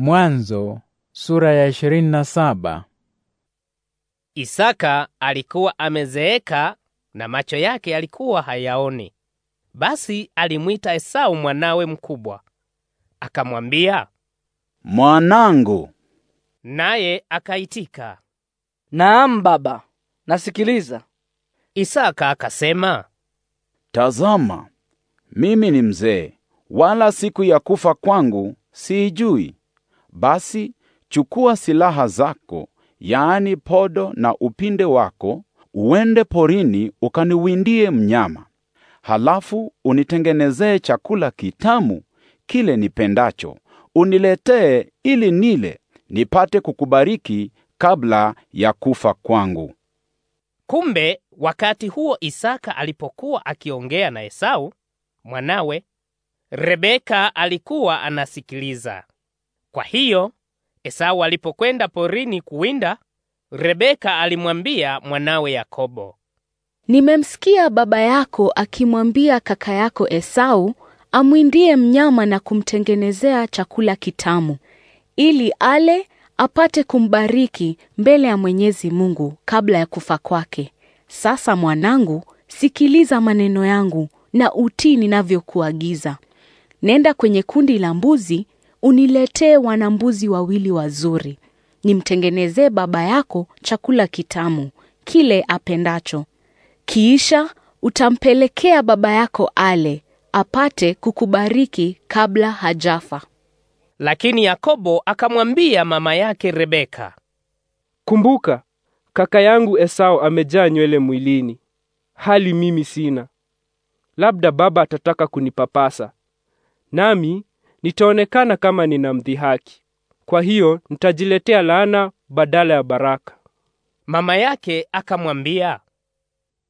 Mwanzo sura ya saba. Isaka alikuwa amezeeka na macho yake yalikuwa hayaoni. Basi alimwita Esau mwanawe mkubwa, akamwambia, mwanangu. Naye akaitika, naam baba, nasikiliza. Isaka akasema, tazama, mimi ni mzee, wala siku ya kufa kwangu siijui basi chukua silaha zako, yaani podo na upinde wako, uende porini ukaniwindie mnyama. Halafu unitengenezee chakula kitamu kile nipendacho, uniletee ili nile, nipate kukubariki kabla ya kufa kwangu. Kumbe wakati huo Isaka alipokuwa akiongea na Esau mwanawe, Rebeka alikuwa anasikiliza. Kwa hiyo Esau alipokwenda porini kuwinda, Rebeka alimwambia mwanawe Yakobo, nimemsikia baba yako akimwambia kaka yako Esau amwindie mnyama na kumtengenezea chakula kitamu ili ale apate kumbariki mbele ya Mwenyezi Mungu kabla ya kufa kwake. Sasa mwanangu, sikiliza maneno yangu na utii ninavyokuagiza. Nenda kwenye kundi la mbuzi uniletee wanambuzi wawili wazuri, nimtengenezee baba yako chakula kitamu, kile apendacho. Kiisha utampelekea baba yako ale, apate kukubariki kabla hajafa. Lakini Yakobo akamwambia mama yake Rebeka, kumbuka, kaka yangu Esau amejaa nywele mwilini, hali mimi sina. Labda baba atataka kunipapasa, nami nitaonekana kama ninamdhihaki. Kwa hiyo nitajiletea laana badala ya baraka. Mama yake akamwambia,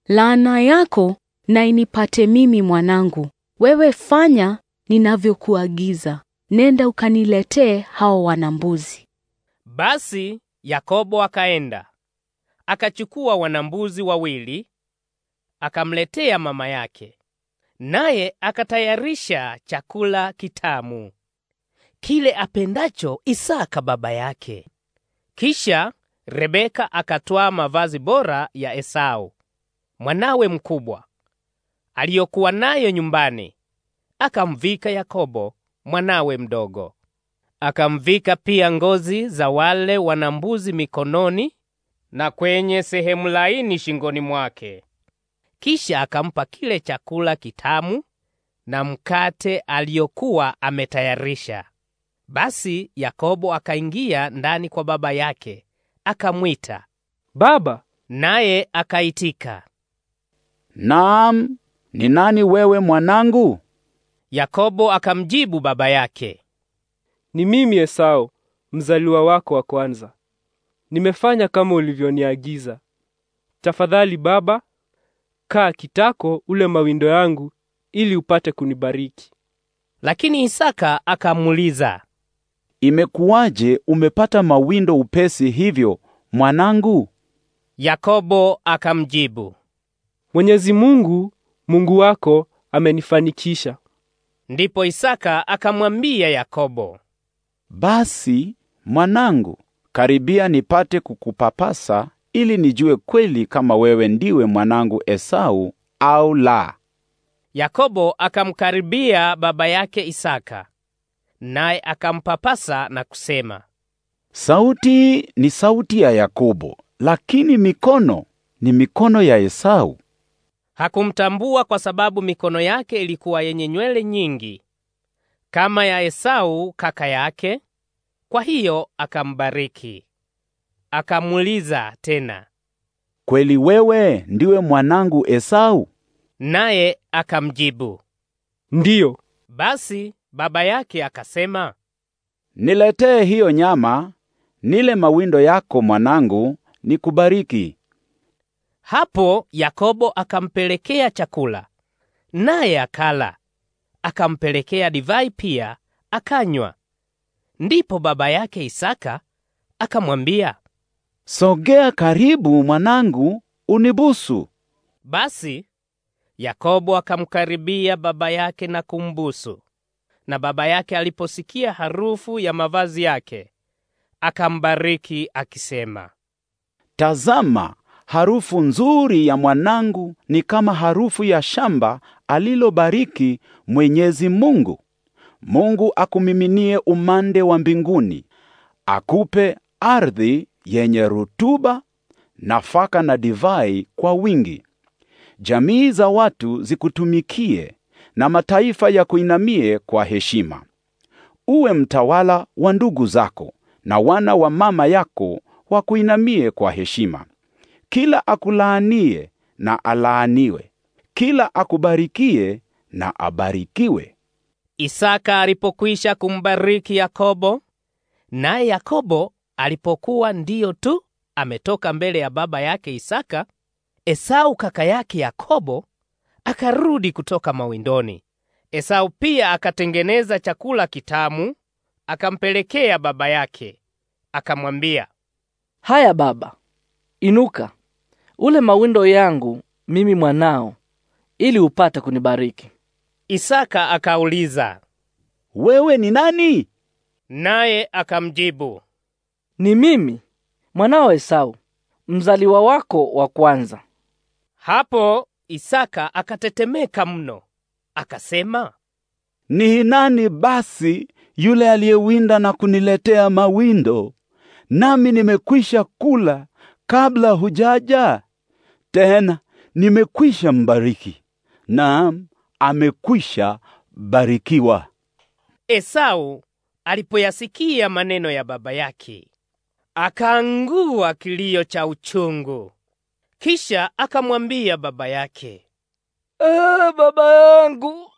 laana yako na inipate mimi mwanangu. Wewe fanya ninavyokuagiza, nenda ukaniletee hao wanambuzi. Basi Yakobo akaenda akachukua wanambuzi wawili akamletea mama yake, naye akatayarisha chakula kitamu kile apendacho Isaka baba yake. Kisha Rebeka akatwaa mavazi bora ya Esau mwanawe mkubwa aliyokuwa nayo nyumbani, akamvika Yakobo mwanawe mdogo. Akamvika pia ngozi za wale wana mbuzi mikononi na kwenye sehemu laini shingoni mwake. Kisha akampa kile chakula kitamu na mkate aliyokuwa ametayarisha. Basi Yakobo akaingia ndani kwa baba yake, akamwita baba, naye akaitika, naam, ni nani wewe mwanangu? Yakobo akamjibu baba yake, ni mimi Esau, mzaliwa wako wa kwanza. Nimefanya kama ulivyoniagiza. Tafadhali baba, kaa kitako ule mawindo yangu ili upate kunibariki. Lakini Isaka akamuuliza, imekuwaje umepata mawindo upesi hivyo mwanangu? Yakobo akamjibu, Mwenyezi Mungu Mungu wako amenifanikisha. Ndipo Isaka akamwambia Yakobo, basi mwanangu, karibia nipate kukupapasa ili nijue kweli kama wewe ndiwe mwanangu Esau au la. Yakobo akamkaribia baba yake Isaka, naye akampapasa na kusema, sauti ni sauti ya Yakobo, lakini mikono ni mikono ya Esau. Hakumtambua kwa sababu mikono yake ilikuwa yenye nywele nyingi kama ya Esau kaka yake, kwa hiyo akambariki. Akamuuliza tena, kweli wewe ndiwe mwanangu Esau? Naye akamjibu ndiyo. Basi baba yake akasema, niletee hiyo nyama nile mawindo yako mwanangu, nikubariki. Hapo Yakobo akampelekea chakula, naye akala, akampelekea divai pia, akanywa. Ndipo baba yake Isaka akamwambia, Sogea karibu mwanangu, unibusu. Basi Yakobo akamkaribia baba yake na kumbusu. Na baba yake aliposikia harufu ya mavazi yake, akambariki akisema, Tazama, harufu nzuri ya mwanangu ni kama harufu ya shamba alilobariki Mwenyezi Mungu. Mungu akumiminie umande wa mbinguni, akupe ardhi yenye rutuba, nafaka na divai kwa wingi. Jamii za watu zikutumikie na mataifa ya kuinamie kwa heshima. Uwe mtawala wa ndugu zako na wana wa mama yako wakuinamie kwa heshima. Kila akulaanie na alaaniwe, kila akubarikie na abarikiwe. Isaka alipokwisha kumbariki Yakobo, naye Yakobo Alipokuwa ndiyo tu ametoka mbele ya baba yake Isaka, Esau kaka yake Yakobo akarudi kutoka mawindoni. Esau pia akatengeneza chakula kitamu akampelekea baba yake, akamwambia, haya baba, inuka ule mawindo yangu mimi mwanao, ili upate kunibariki. Isaka akauliza, wewe ni nani? Naye akamjibu, ni mimi mwanao Esau, mzaliwa wako wa kwanza. Hapo Isaka akatetemeka mno, akasema, ni nani basi yule aliyewinda na kuniletea mawindo, nami nimekwisha kula kabla hujaja? Tena nimekwisha mbariki, naam, amekwisha barikiwa. Esau alipoyasikia maneno ya baba yake, akaangua kilio cha uchungu. Kisha akamwambia baba yake, ee, baba yangu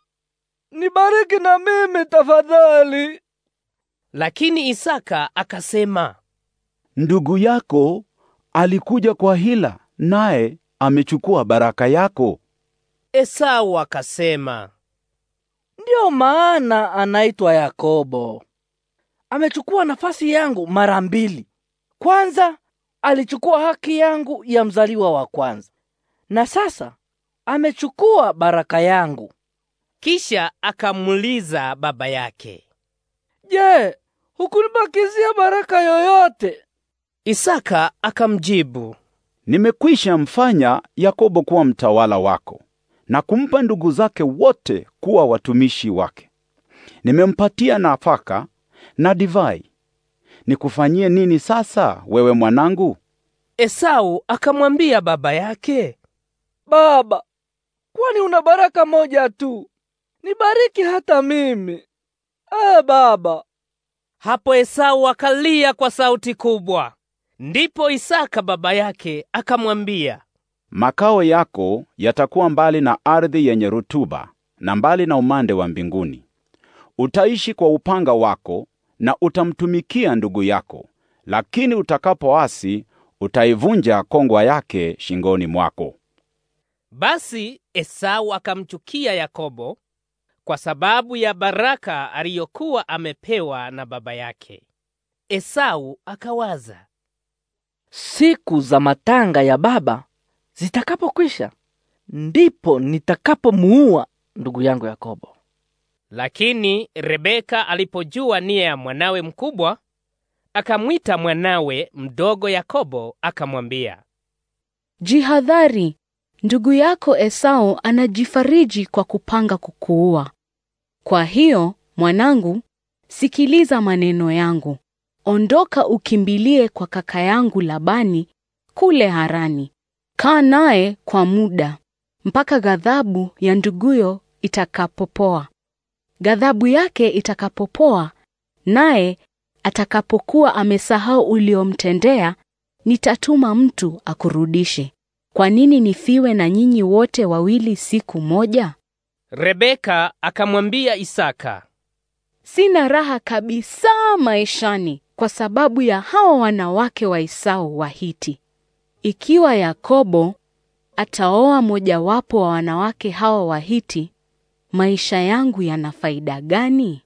nibariki na mimi tafadhali. Lakini Isaka akasema, ndugu yako alikuja kwa hila, naye amechukua baraka yako. Esau akasema, ndiyo maana anaitwa Yakobo, amechukua nafasi yangu mara mbili. Kwanza alichukua haki yangu ya mzaliwa wa kwanza, na sasa amechukua baraka yangu. Kisha akamuliza baba yake, Je, hukunibakizia baraka yoyote? Isaka akamjibu, nimekwisha mfanya Yakobo kuwa mtawala wako na kumpa ndugu zake wote kuwa watumishi wake. Nimempatia nafaka na divai nikufanyie nini sasa, wewe mwanangu? Esau akamwambia baba yake, Baba, kwani una baraka moja tu? Nibariki hata mimi. Ah, baba. Hapo Esau akalia kwa sauti kubwa. Ndipo Isaka baba yake akamwambia, Makao yako yatakuwa mbali na ardhi yenye rutuba na mbali na umande wa mbinguni. Utaishi kwa upanga wako na utamtumikia ndugu yako, lakini utakapoasi utaivunja kongwa yake shingoni mwako. Basi Esau akamchukia Yakobo kwa sababu ya baraka aliyokuwa amepewa na baba yake. Esau akawaza, siku za matanga ya baba zitakapokwisha, ndipo nitakapomuua ndugu yangu Yakobo. Lakini Rebeka alipojua nia ya mwanawe mkubwa, akamwita mwanawe mdogo Yakobo akamwambia, Jihadhari, ndugu yako Esau anajifariji kwa kupanga kukuua. Kwa hiyo, mwanangu, sikiliza maneno yangu. Ondoka ukimbilie kwa kaka yangu Labani kule Harani. Kaa naye kwa muda mpaka ghadhabu ya nduguyo itakapopoa ghadhabu yake itakapopoa, naye atakapokuwa amesahau uliomtendea, nitatuma mtu akurudishe. Kwa nini nifiwe na nyinyi wote wawili siku moja? Rebeka akamwambia Isaka, sina raha kabisa maishani kwa sababu ya hawa wanawake wa Esau wahiti Ikiwa Yakobo ataoa mojawapo wa wanawake hawa wahiti maisha yangu yana faida gani?